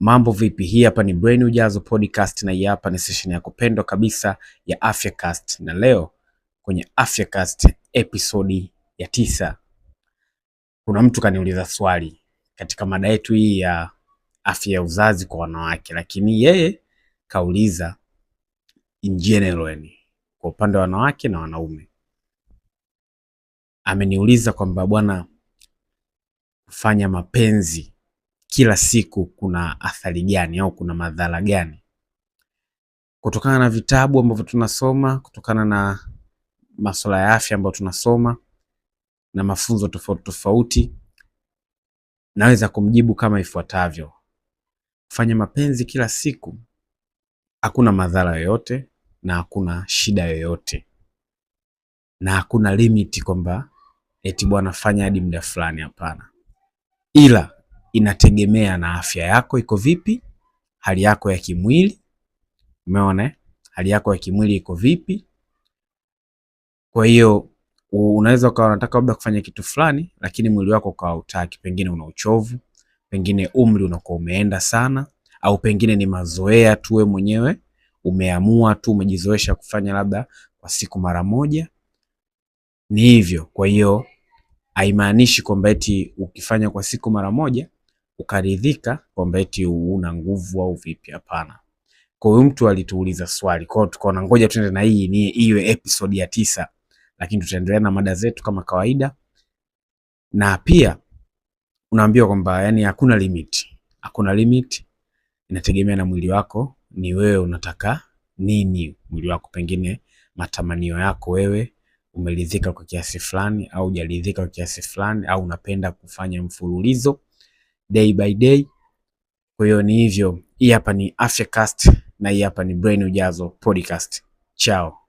Mambo vipi? Hii hapa ni Brain Ujazo Podcast na hii hapa ni session ya kupendwa kabisa ya Afyacast, na leo kwenye Afyacast episodi ya tisa, kuna mtu kaniuliza swali katika mada yetu hii ya afya ya uzazi kwa wanawake, lakini yeye kauliza in general, yani kwa upande wa wanawake na wanaume. Ameniuliza kwamba bwana, kufanya mapenzi kila siku kuna athari gani au kuna madhara gani kutokana na vitabu ambavyo tunasoma, kutokana na masuala ya afya ambayo tunasoma na mafunzo tofauti tofauti. Naweza kumjibu kama ifuatavyo: kufanya mapenzi kila siku hakuna madhara yoyote na hakuna shida yoyote na hakuna limiti kwamba eti bwana fanya hadi muda fulani. Hapana, ila inategemea na afya yako iko vipi, hali yako ya kimwili. Umeona hali yako ya kimwili iko vipi? Kwa hiyo unaweza ukawa unataka labda kufanya kitu fulani, lakini mwili wako ukawa utaki, pengine una uchovu, pengine umri unakuwa umeenda sana, au pengine ni mazoea tu wewe mwenyewe umeamua tu, umejizoesha kufanya labda kwa siku mara moja, ni hivyo. Kwa hiyo haimaanishi kwamba eti ukifanya kwa siku mara moja ukaridhika kwamba eti una nguvu au vipi? Hapana. Kwa hiyo mtu alituuliza swali, kwa hiyo tukaona ngoja tuende na hii ni iwe episode ya tisa, lakini tutaendelea na mada zetu kama kawaida, na pia unaambiwa kwamba yani hakuna limit, hakuna limit, inategemea na mwili wako, ni wewe unataka nini mwili wako, pengine matamanio yako wewe umeridhika kwa kiasi fulani au hujaridhika kwa kiasi fulani, au unapenda kufanya mfululizo day by day. Kwa hiyo ni hivyo, hii hapa ni Afya Cast na hii hapa ni Brain Ujazo Podcast. Chao.